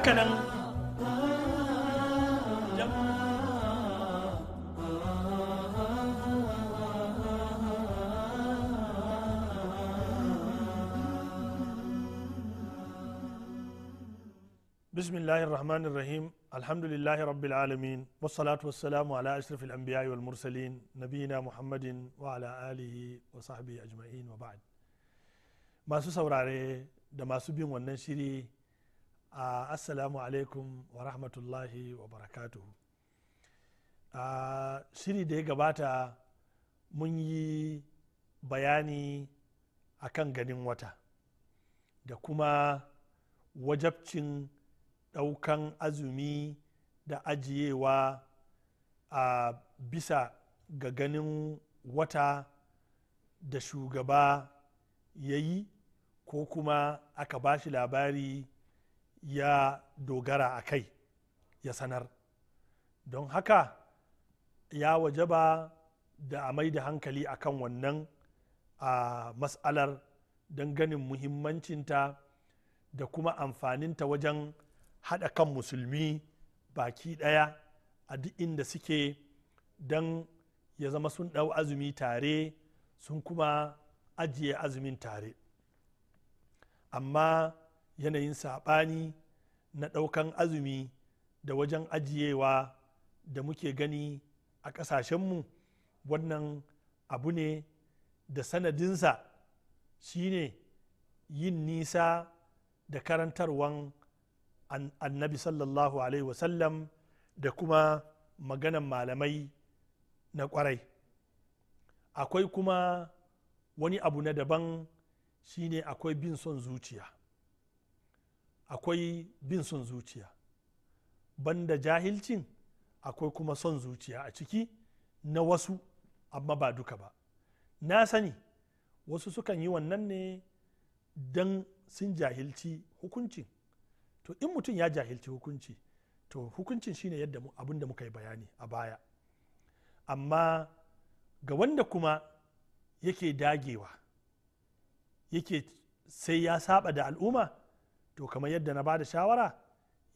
haka nan بسم الله الرحمن الرحيم الحمد لله رب العالمين والصلاة والسلام على أشرف الأنبياء والمرسلين نبينا محمد وعلى آله وصحبه أجمعين وبعد ما سوراري da masu bin wannan Uh, assalamu alaikum wa rahmatullahi wa barakatuhu uh, shiri da ya gabata mun yi bayani akan ganin wata da kuma wajabcin ɗaukan azumi da ajiyewa a uh, bisa ga ganin wata da shugaba ya yi ko kuma aka bashi labari ya dogara a kai ya sanar don haka ya wajaba da a mai da hankali a kan wannan a mas'alar don ganin muhimmancinta da kuma amfaninta wajen haɗa kan musulmi baki ɗaya a duk inda suke don ya zama sun ɗau azumi tare sun kuma ajiye azumin tare amma yanayin saɓani na ɗaukan azumi da wajen ajiyewa da muke gani a ƙasashenmu wannan abu ne da sanadinsa shine yin nisa da karantarwan annabi sallallahu alaihi wasallam da kuma maganan malamai na kwarai akwai kuma wani abu na daban shine akwai bin son zuciya akwai bin son zuciya banda jahilcin akwai kuma son zuciya a ciki na wasu amma ba duka ba na sani wasu sukan yi wannan ne don sun jahilci hukuncin to in mutum ya jahilci hukunci to hukuncin shine yadda abin da muka yi bayani a baya amma ga wanda kuma yake dagewa yake sai ya saba da al'umma to kamar yadda na bada shawara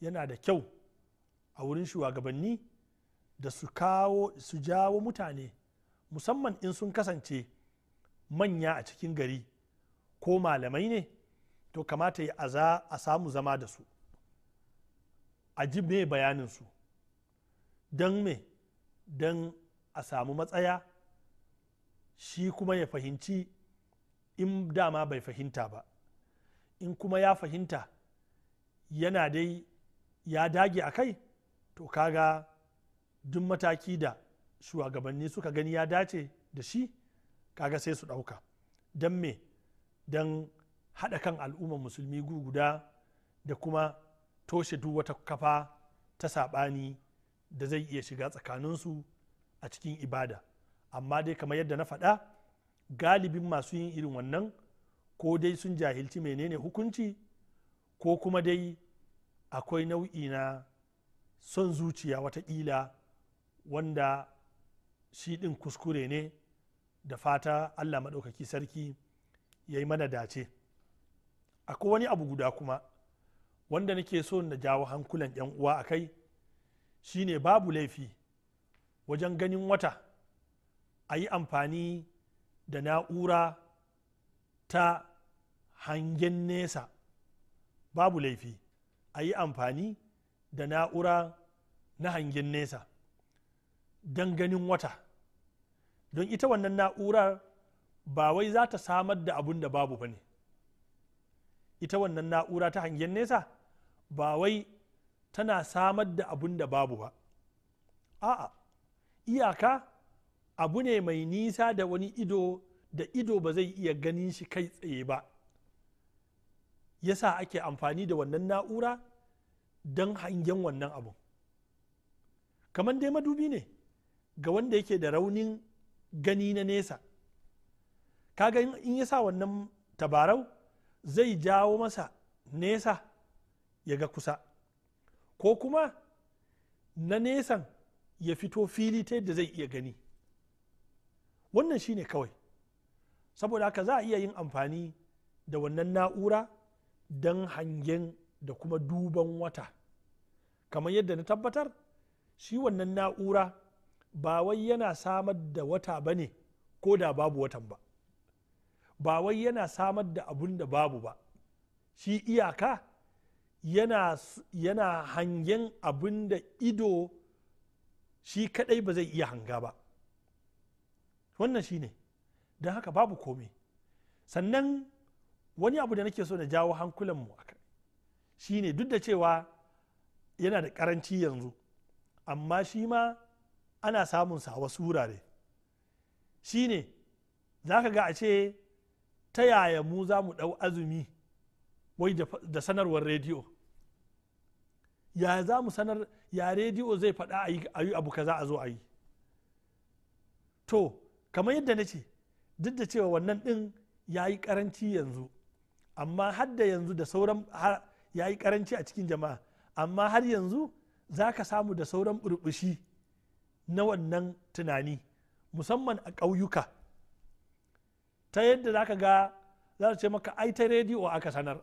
yana da kyau a wurin shugabanni da su kawo su jawo mutane musamman in sun kasance manya a cikin gari ko malamai ne to kamata ya a samu zama da su a ji me bayaninsu don me don a samu matsaya shi kuma ya fahimci in dama bai fahimta ba in kuma ya fahimta yana dai ya dage a kai to kaga duk mataki da shugabanni suka gani ya dace da shi kaga sai su ɗauka don me don haɗa kan al'ummar musulmi guda da kuma toshe duk wata kafa ta saɓani da zai iya shiga tsakaninsu a cikin ibada amma dai kamar yadda na faɗa galibin masu yin irin wannan ko dai sun jahilci menene hukunci ko kuma dai akwai nau'i na son zuciya watakila wanda shi ɗin kuskure ne da fata allah maɗaukaki sarki ya yi mana dace akwai wani abu guda kuma wanda nake so na jawo hankulan 'yan uwa a kai shine babu laifi wajen ganin wata a yi amfani da na'ura ta hangen nesa babu laifi a yi amfani da na'ura na hangen nesa don ganin wata don ita wannan na'ura ba wai za ta samar da abun da babu ba ne ita wannan na'ura ta hangen nesa ba wai tana samar da abun da babu ba a'a iyaka abu ne mai nisa da wani ido da ido ba zai iya ganin shi kai tsaye ba yasa ake amfani da wannan na'ura don hangen wannan abu. kamar dai madubi ne ga wanda yake da raunin gani na nesa kaga in ya sa wannan tabarau zai jawo masa nesa ya ga kusa ko kuma na nesan ya fito fili ta yadda zai iya gani wannan shi ne kawai saboda haka za a iya yin amfani da wannan na'ura don hangen da kuma duban wata kamar yadda na tabbatar shi wannan na'ura ba wai yana samar da wata ba ne ko da babu watan ba ba wai yana samar da abun da babu ba shi iyaka yana, yana hangen abun da ido shi kadai ba zai iya hanga ba wannan shi ne don haka babu komai sannan wani abu da nake so na jawo hankulanmu a kai shine duk da cewa yana da karanci yanzu amma shi ma ana samun sa wasu wurare ne, za ka ga a ce ta yaya mu za mu ɗau azumi wai da sanarwar rediyo ya za mu sanar ya rediyo zai faɗa a yi abu kaza a zo a yi to kamar yadda na ce duk da cewa wannan ɗin ya yi karanci yanzu amma har da yanzu da sauran ya yi karanci a cikin jama'a amma har yanzu za ka samu da sauran burbushi na wannan tunani musamman a ƙauyuka ta yadda za ka ga za su ce maka ai ta rediyo aka sanar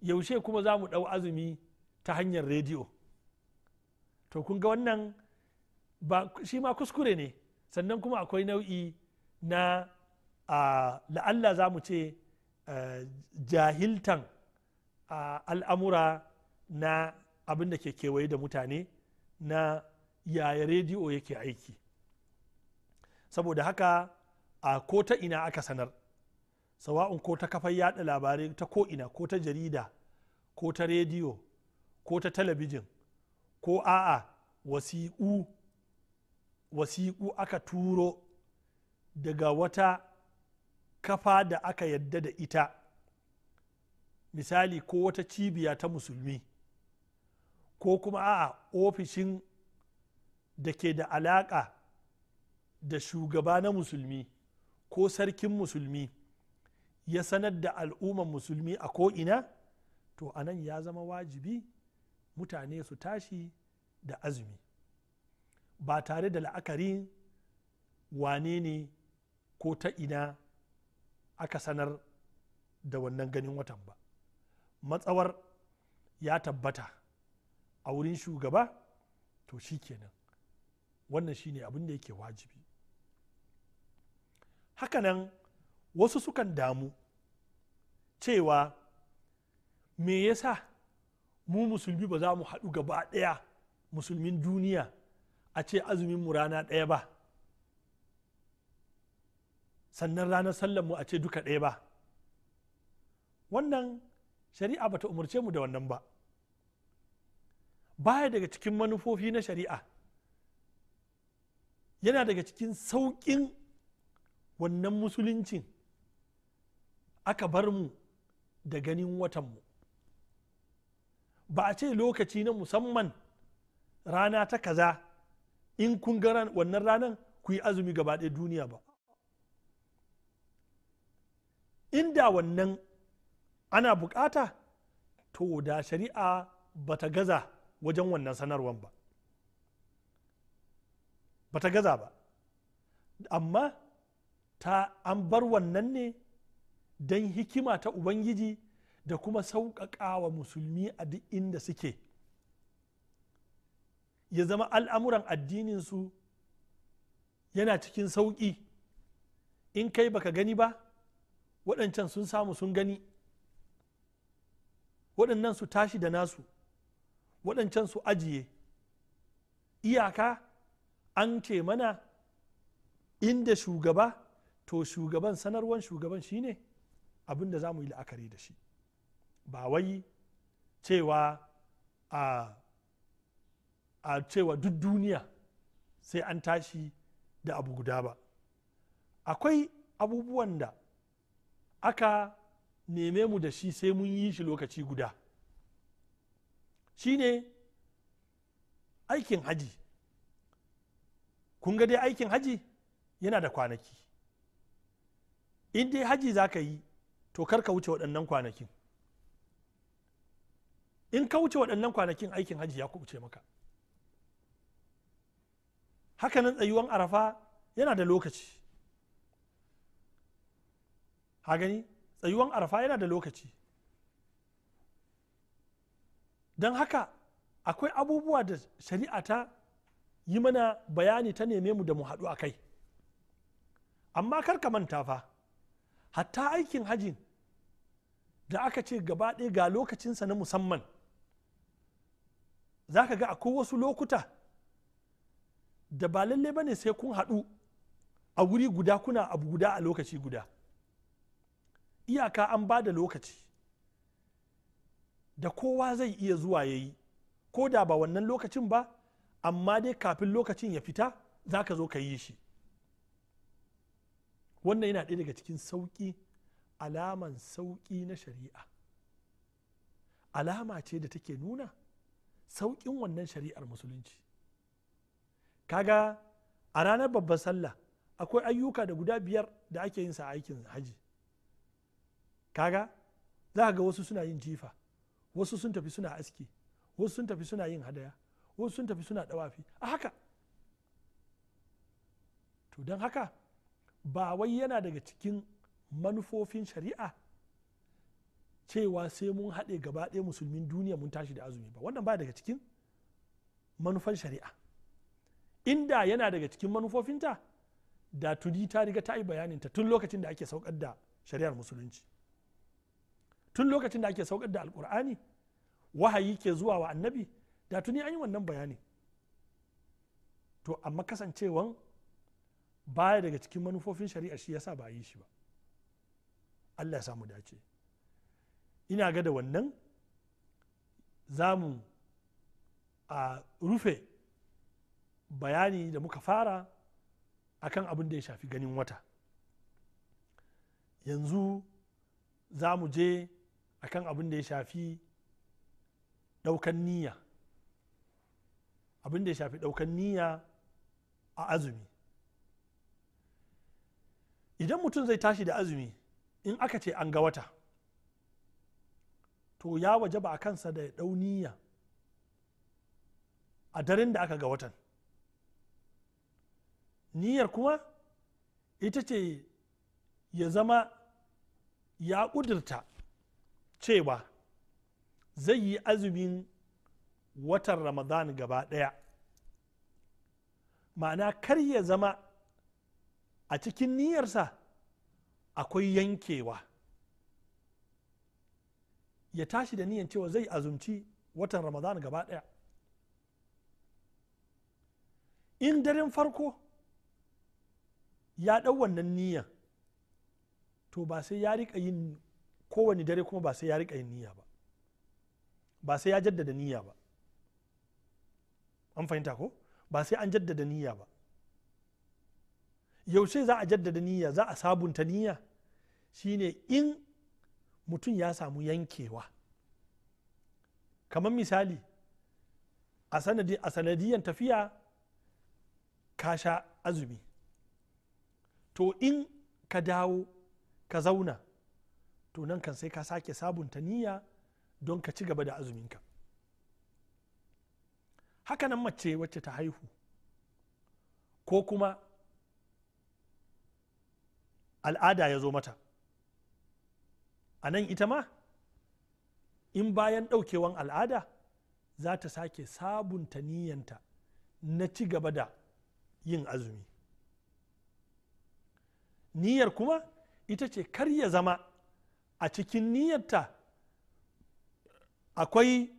yaushe kuma za mu ɗau azumi ta hanyar rediyo to kun ga wannan ba shi ma kuskure ne sannan kuma akwai nau'i na ah, la'alla za mu ce jahiltan al'amura na abin da ke kewaye da mutane na yaya rediyo yake aiki saboda haka a ko ta ina aka sanar sawa'un ko ta kafar yada labarai ta ko ina ko ta jarida ko ta rediyo ko ta talabijin ko a'a wasiƙu wasiƙu aka turo daga wata kafa da aka yadda da ita misali ko wata cibiya ta musulmi ko kuma a ofishin da ke da alaƙa da shugaba na musulmi ko sarkin musulmi ya sanar da al'umman musulmi a ko'ina to anan ya zama wajibi mutane su tashi da azumi ba tare da la'akari wane ne ko ta ina aka sanar da wannan ganin watan ba matsawar ya tabbata a wurin shugaba to shi kenan wannan shine abin da yake wajibi hakanan wasu sukan damu cewa me yasa mu musulmi ba za mu haɗu gaba ɗaya musulmin duniya a ce azumin mu rana ɗaya ba sannan ranar sallar mu a ce duka ɗaya ba wannan shari'a ba ta umarce mu da wannan ba baya daga cikin manufofi na shari'a yana daga cikin sauƙin wannan musuluncin aka bar mu da ganin mu. ba a ce lokaci na musamman rana ta kaza in kun ga wannan ranar ku yi azumi gaba ɗaya duniya ba inda wannan ana bukata to da shari'a bata gaza wajen wannan sanarwan ba bata gaza ba amma ta an bar wannan ne don hikima ta ubangiji da kuma sauƙaƙa wa musulmi a duk inda suke ya zama al'amuran addininsu yana cikin sauƙi in kai baka gani ba waɗancan sun samu sun gani waɗannan su tashi da nasu waɗancan su ajiye iyaka an ce mana inda shugaba to shugaban sanarwar shugaban shine abin da za mu yi la'akari da shi ba wai cewa a a cewa duk duniya sai an tashi da abu guda ba akwai abubuwan da aka neme mu da shi sai mun yi shi lokaci guda shine aikin haji kun ga dai aikin haji yana da kwanaki in dai haji za ka yi to kar ka wuce waɗannan kwanakin in ka wuce waɗannan kwanakin aikin haji ya wuce maka hakanan tsayuwan arafa yana da lokaci ha gani tsayuwan arfa yana da lokaci don haka akwai abubuwa da shari'a ta yi mana bayani ta neme mu da mu haɗu a kai amma kar ka manta fa hatta aikin hajin da aka ce gaba ɗaya ga lokacinsa na musamman za ka ga akwai wasu lokuta da ba lallai ba ne sai kun haɗu a wuri guda kuna abu guda a lokaci guda iyaka an ba da lokaci da kowa zai iya zuwa ya yi ko da ba wannan lokacin ba amma dai kafin lokacin ya fita za ka zo ka yi shi wannan yana ɗaya daga cikin sauƙi alaman sauƙi na shari'a alama ce da take nuna sauƙin wannan shari'ar musulunci kaga a ranar babban sallah akwai ayyuka da guda biyar da ake yin sa aikin hajji. kaga za ga wasu suna yin jifa wasu sun tafi suna aski wasu sun tafi suna yin hadaya wasu sun tafi suna dawafi a haka to don haka ba wai yana daga cikin manufofin shari'a cewa sai mun haɗe gaba ɗaya musulmin duniya mun tashi da azumi ba wannan ba daga cikin manufan shari'a inda yana daga cikin manufofinta da tuni ta riga ta yi bayaninta tun lokacin da ake saukar da shari'ar musulunci tun lokacin da ake saukar da alkur'ani wahayi ke zuwa wa annabi da tuni an yi wannan bayani to amma kasancewan baya daga cikin manufofin shari'a shi yasa ba a yi shi ba allah ya samu dace ina ga da wannan za mu a rufe bayani da muka fara akan abin da ya shafi ganin wata yanzu za mu je akan abin da ya shafi ɗaukan niyya abin da ya shafi ɗaukan niyya a azumi idan mutum zai tashi da azumi in aka ce an ga wata to ya waje ba a kansa da ya niyya a daren da aka ga watan niyyar kuma ita ce ya zama ya ƙudurta cewa zai yi azumin watan ramadan gaba ɗaya ma'ana kar ya zama a cikin niyyarsa akwai yankewa ya tashi da niyan cewa zai azumci watan ramadan gaba ɗaya in daren farko ya ɗau wannan niyan to ba sai ya rika yin Kowani dare kuma ba sai ya rika yin niyya ba ba sai ya jaddada niyya ba an fahimta ko ba sai an jaddada niyya ba yaushe za a jaddada niyya za a sabunta niyya shine in mutum ya samu yankewa kamar misali a sanadiyan tafiya ka sha azumi to in ka dawo ka zauna to nan kan sai ka sake sabunta niyya don ka ci gaba da azuminka hakanan mace wacce ta haihu ko kuma al'ada ya zo mata a nan ita ma in bayan ɗaukewan al'ada za ta sake sabunta niyyanta na ci gaba da yin azumi niyyar kuma ita ce kar ya zama a cikin niyyarta akwai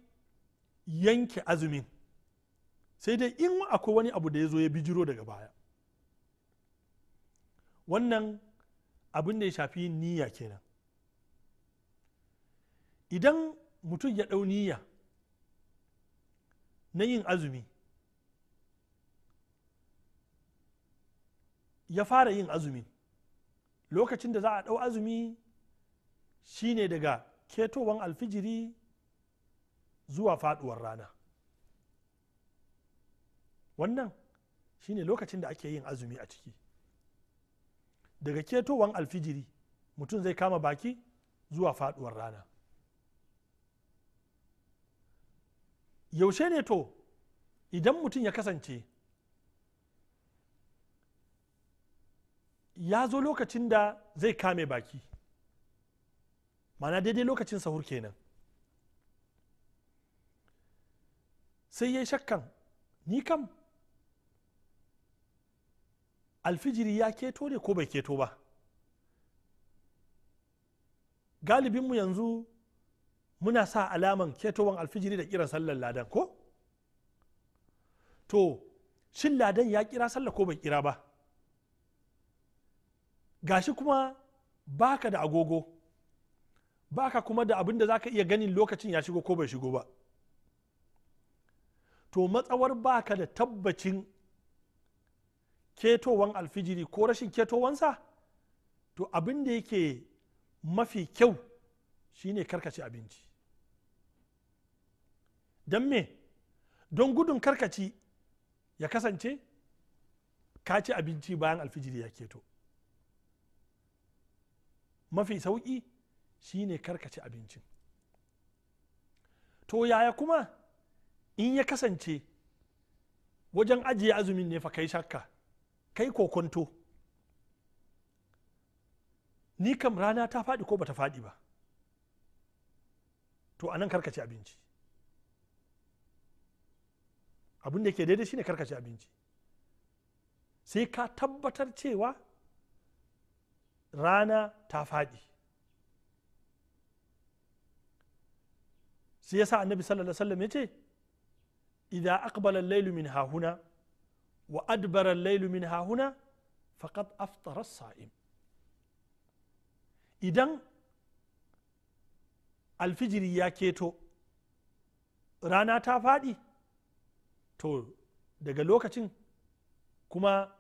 yanke azumin sai dai in akwai wani abu da ya zo ya bijiro daga baya wannan abin da ya shafi niyya kenan idan mutum ya ɗau niyya na yin azumi ya fara yin azumi lokacin da za a ɗau azumi shine daga ketowan alfijiri zuwa faduwar rana wannan shine lokacin da ake yin azumi a ciki daga ketowan alfijiri mutum zai kama baki zuwa faduwar rana yaushe ne to idan mutum ya kasance ya zo lokacin da zai kame baki mana daidai lokacin sahur kenan sai ya shakkan ni kam alfijiri ya keto ne ko bai keto ba galibinmu yanzu muna sa alaman ketowan alfijiri da kiran sallar ladan ko to shin ladan ya kira sallar ko bai kira ba gashi kuma baka da agogo baka kuma da abin da za ka iya ganin lokacin ya shigo ko bai shigo ba to matsawar baka da tabbacin ketowan alfijiri ko rashin ketowansa to abin da yake mafi kyau shine karkace abinci don me don gudun karkaci ya kasance ka ci abinci bayan alfijiri ya keto mafi sauƙi shine karkace abincin to yaya kuma in ya kasance wajen ajiye azumin ne fa kai shakka kai kokonto ni kam rana ta faɗi ko bata faɗi ba to anan karkace abinci abin da ke daidai shine karkace abinci sai ka tabbatar cewa rana ta faɗi shi yasa annabi sallallahu alaihi wasallam yace idza aqbala al-laylu min hahuna wa adbara al-laylu min hahuna faqad aftara as-sa'im idan alfijiri ya keto rana ta faɗi to daga lokacin kuma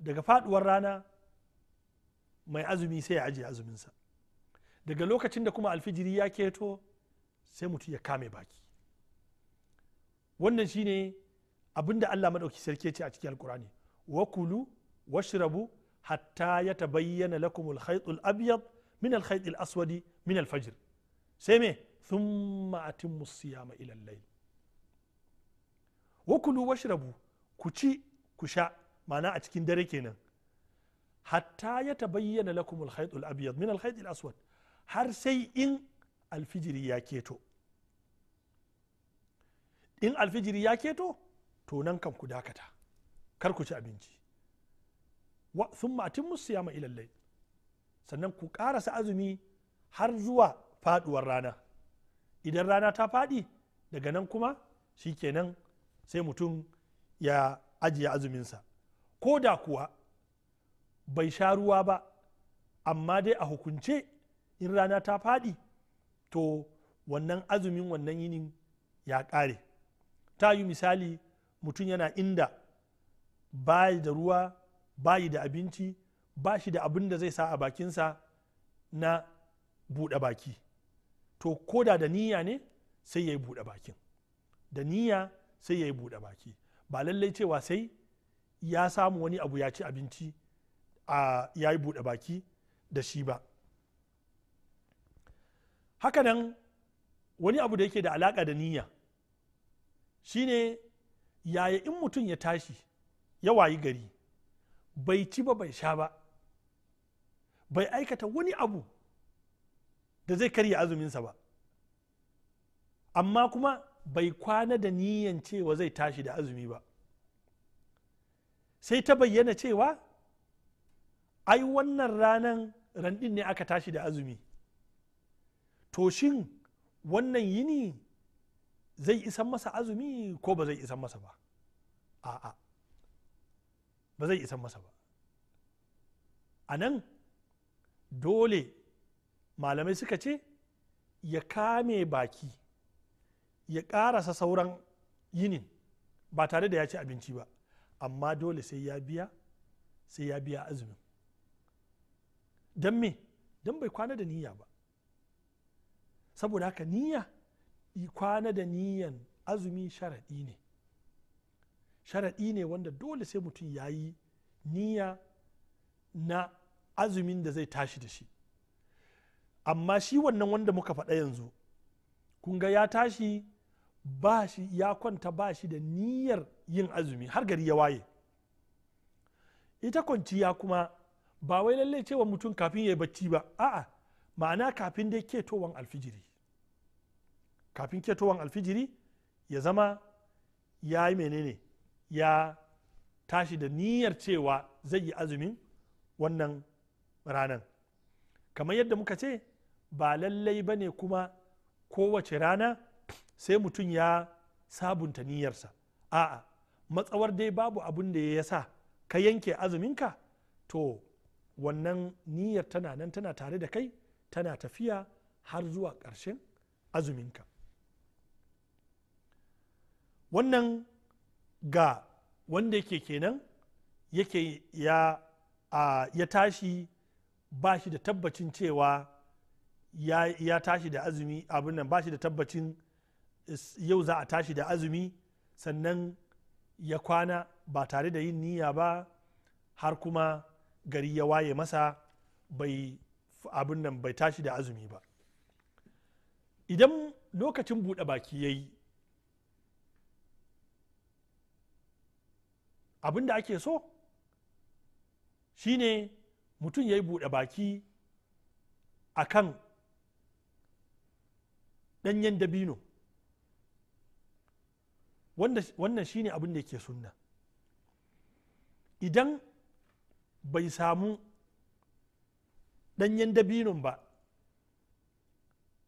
daga faɗuwar rana mai azumi sai ya ajiye azuminsa daga lokacin da kuma alfijiri ya keto sai mutum ya kame baki wannan shine abinda allah maɗauki sarki ce a cikin alkur'ani wa kulu washrabu hatta ya tabayyana lakum alkhaytul abyad min alkhaytil aswadi min alfajir sai me sun atimmu siyama ilallai al-layl wa kulu washrabu ku ci ku sha ma'ana a cikin dare kenan hatta ya tabayyana lakum alkhaytul abyad min alkhaytil aswad har sai in alfijiri ya keto in alfijiri ya keto to nan kan ku dakata kar ku ci abinci wa sun matin musu ya ilallai sannan ku karasa azumi har zuwa faduwar rana idan rana ta faɗi daga nan kuma shi kenan sai mutum ya ajiye azuminsa ko da kuwa bai sha ruwa ba amma dai a hukunce in rana ta faɗi to wannan azumin wannan yinin ya kare. ta yi misali mutum yana inda bayi da ruwa bayi da abinci ba shi da abin da zai sa a bakinsa na buɗe baki to koda da niyya ne sai ya yi buɗe bakin da niyya sai ya yi buɗe baki ba lallai cewa sai ya samu wani abu ya ci abinci a ya yi buɗe baki da shi ba haka nan wani abu da yake da alaka da niyya shine yaya in mutum ya tashi ya wayi gari bai ci ba bai sha ba bai aikata wani abu da zai karya azuminsa ba amma kuma bai kwana da niyan cewa zai tashi da azumi ba sai ta bayyana cewa ai wannan ranan randin ne aka tashi da azumi to shin wannan yini zai isan masa azumi ko ba zai isan masa ba a'a ba zai isan masa ba a nan dole malamai suka ce ya kame baki ya karasa sauran yinin ba tare da ya ci abinci ba amma dole sai ya biya sai ya biya azumin don me don bai kwana da niyya ba saboda haka niyya kwana da niyyan azumi sharaɗi ne sharaɗi ne wanda dole sai mutum ya yi niyya na azumin da zai tashi da shi amma shi wannan wanda muka faɗa yanzu kun ga ya tashi ba shi ya kwanta ba shi da niyyar yin azumi har gari ya waye ita kwanciya kuma ba wai lallai cewa mutum kafin ya yi bacci ba a'a ma'ana kafin dai ketowan alfijiri kafin ketowan alfijiri ya zama ya yi menene ya tashi da niyyar cewa zai yi azumin wannan ranan kamar yadda muka ce ba lallai ba ne kuma kowace rana sai mutum ya sabunta niyyarsa a'a matsawar dai babu abin da ya sa ka yanke azuminka to wannan niyyar tana nan tana tare da kai tana tafiya har zuwa ƙarshen azuminka wannan ga wanda yake kenan yake ya, a, ya tashi ba shi da tabbacin cewa ya, ya tashi da azumi abin nan ba shi da tabbacin yau za a tashi da azumi sannan ya kwana ba tare da yin niyya ba har kuma gari ya waye masa bai abin nan bai tashi da azumi ba idan lokacin buɗe baki ya yi abin da ake so shine mutum ya yi buɗe baki a kan ɗanyen dabino wannan shine abin da ke sunna idan bai samu ɗanyen dabinun ba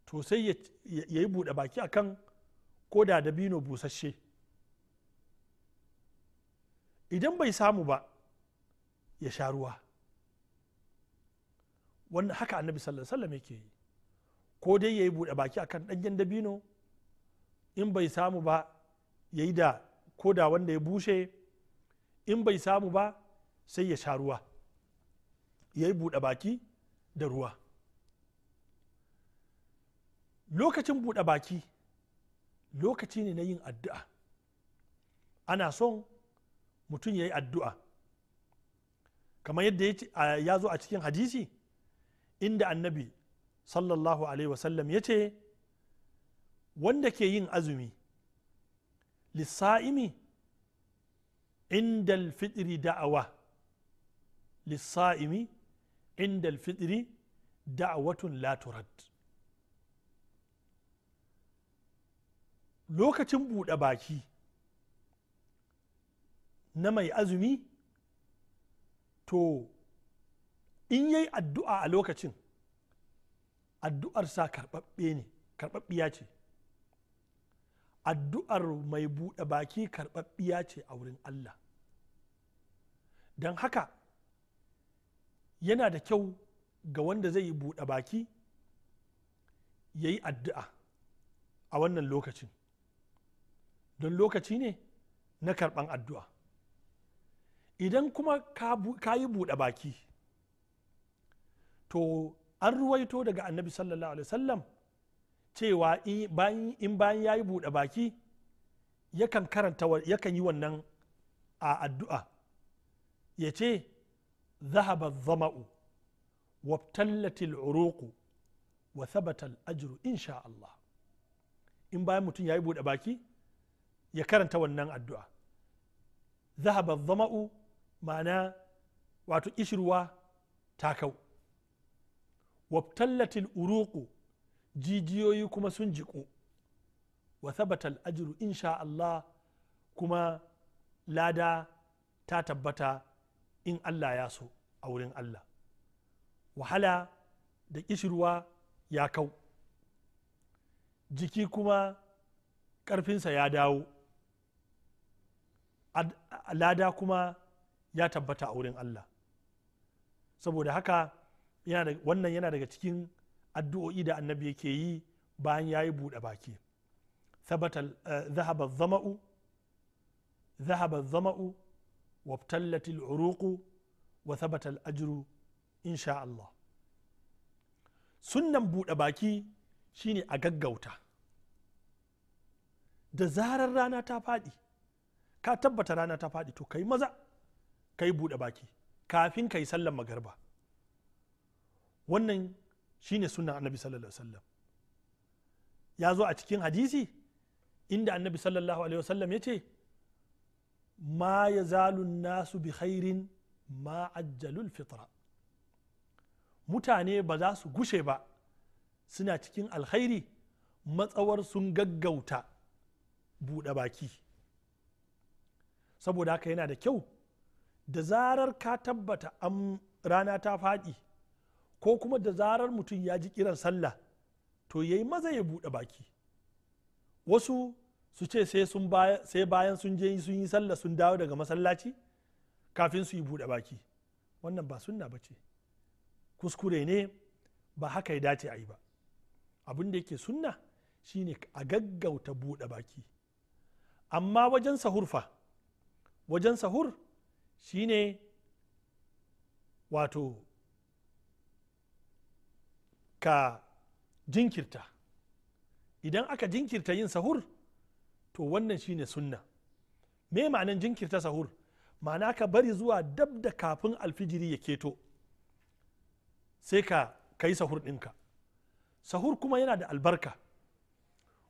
to sai ya yi buɗe baki akan ko da dabino busasshe idan bai samu ba ya sha ruwa wannan haka annabi sallallahu alaihi wasallam yake yi ko dai yayi yi buɗe baki akan ɗanyen dabino in bai samu ba ya yi da ko da wanda ya bushe in bai samu ba sai ya sha ruwa ya yi buɗe baki da ruwa lokacin buɗe baki lokaci ne na yin addu'a ana son mutum ya yi addu'a kamar yadda ya zo a cikin hadisi inda annabi sallallahu alaihi wasallam ya ce wanda ke yin azumi lissa'imi inda fitri da'awa lissa'imi inda alfitri da'awatun la turad lokacin buɗe baki na mai azumi to in yayi addu'a a lokacin addu'ar sa ne ce addu'ar mai buɗe baki karɓaɓɓiya ce a wurin allah don haka yana da kyau ga wanda zai buɗe baki ya yi addu'a a wannan lokacin don lokaci ne na karɓan addu'a idan kuma ka yi buɗe baki to an ruwaito daga annabi sallallahu alaihi wasallam cewa in bayan ya yi buɗe baki yakan karanta yakan yi wannan a addu'a ya ce Zahaba zama'u, وابتلت العروق وثبت الأجر إن in bayan mutum ya yi buɗe baki ya karanta wannan addu'a zahaba zama'u ma'ana wato ishirwa ta kau wabtallatil uruku jijiyoyi kuma sun jiƙu wasabatal sabatal ajru insha kuma lada ta tabbata in allah ya so a wurin allah wahala da kishirwa ya kau jiki kuma ƙarfinsa ya dawo lada kuma ya tabbata a wurin allah saboda haka wannan yana daga cikin addu'o'i da annabi yake yi bayan ya yi buɗe baki ذهب zama'u. Eh, وابتلت العروق وثبت الأجر إن شاء الله sunnan buɗe baki shine a gaggauta da zarar rana ta faɗi ka tabbata rana ta faɗi to kai maza kai buɗe baki kafin ka yi sallan magarba wannan shine sunan annabi sallallahu alaihi wasallam ya zo a cikin hadisi inda annabi sallallahu alaihi wasallam ya ce ma ya zalun nasu bi khairin ma fitra mutane ba za su gushe ba suna cikin alkhairi matsawar sun gaggauta buɗe baki saboda haka yana da kyau da zarar ka tabbata an rana ta faɗi ko kuma da zarar mutum ya ji kiran sallah to yayi maza ya buɗe baki wasu su ce sai bayan sun je sun yi sallah sun dawo daga masallaci kafin su yi buɗe baki wannan ba sunna ba ce kuskure ne ba haka ya dace a yi ba abin da yake sunna shine a gaggauta buɗe baki amma wajen sahur fa wajen sahur shine wato ka jinkirta idan aka jinkirta yin sahur to wannan shine sunna me ma'anan jinkirta sahur ma'ana ka bari zuwa dab da kafin alfijiri ya keto sai ka kai sahur ɗinka sahur kuma yana da albarka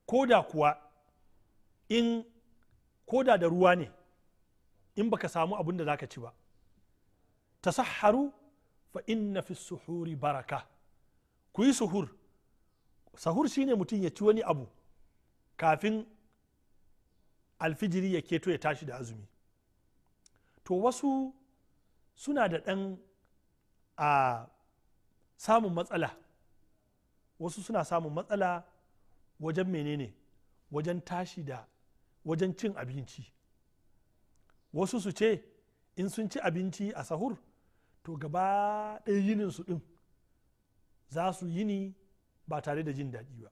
ko da kuwa in ko da da ruwa ne in baka samu abin da za ka ci ba Ta saharu fa inna fi suhuri baraka ku yi suhur sahur shine mutum ya ci wani abu kafin alfijiri ya keto ya tashi da azumi to wasu suna da ɗan a samun matsala wasu suna samun matsala wajen menene wajen tashi da wajen cin abinci wasu su ce in sun ci abinci a sahur to gaba ɗaya yinin su ɗin za su yini ba tare da jin daɗi ba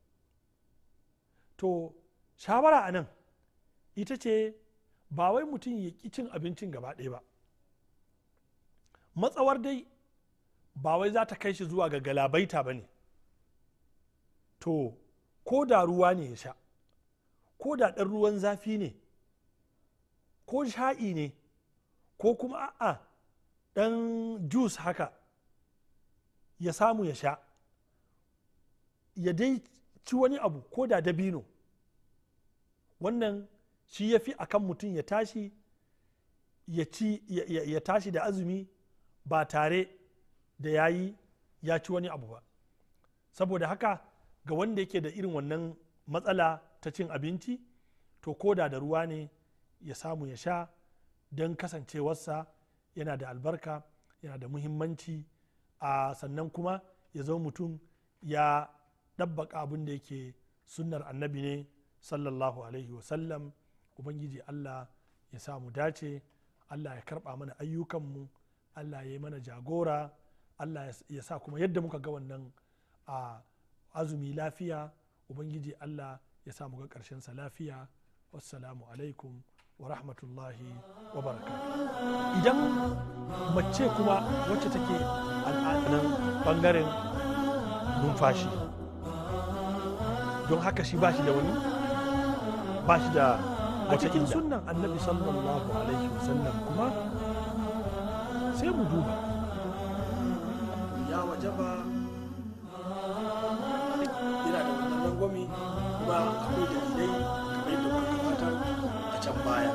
to shawara a nan ita ce ba wai mutum ya ƙi cin abincin gaba ɗaya ba matsawar dai ba wai za ta kai shi zuwa ga galabaita ba ne to ko da ruwa ne ya sha ko da ɗan ruwan zafi ne ko sha'i ne ko kuma a'a ɗan jus haka ya samu ya sha ya dai ci wani abu ko da dabino wannan shi ya fi a kan mutum ya tashi ya, ci, ya, tashi da azumi ba tare da ya yi ya ci wani abu ba saboda haka ga wanda yake da irin wannan matsala ta cin abinci to koda da ruwa ne ya samu ya sha don kasancewarsa yana da albarka yana da muhimmanci a sannan kuma ya zo mutum ya ɗabbaka abin da yake sunnar annabi ne sallallahu alaihi wasallam ubangiji allah ya sa mu dace allah ya karba mana ayyukanmu allah ya yi mana jagora allah ya sa kuma yadda muka ga wannan a azumi lafiya ubangiji allah ya sa mu ga sa lafiya wassalamu alaikum wa rahmatullahi wa baraka idan mace kuma wacce take al'adunan bangaren numfashi don haka shi ba shi da wani ba shi da a cikin sunan annabi sallallahu alaihi wasallam kuma sai mu duba ya waje ba yana da wannan rangwami kuma da dai kamar yadda kuka gabatar a can baya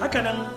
haka nan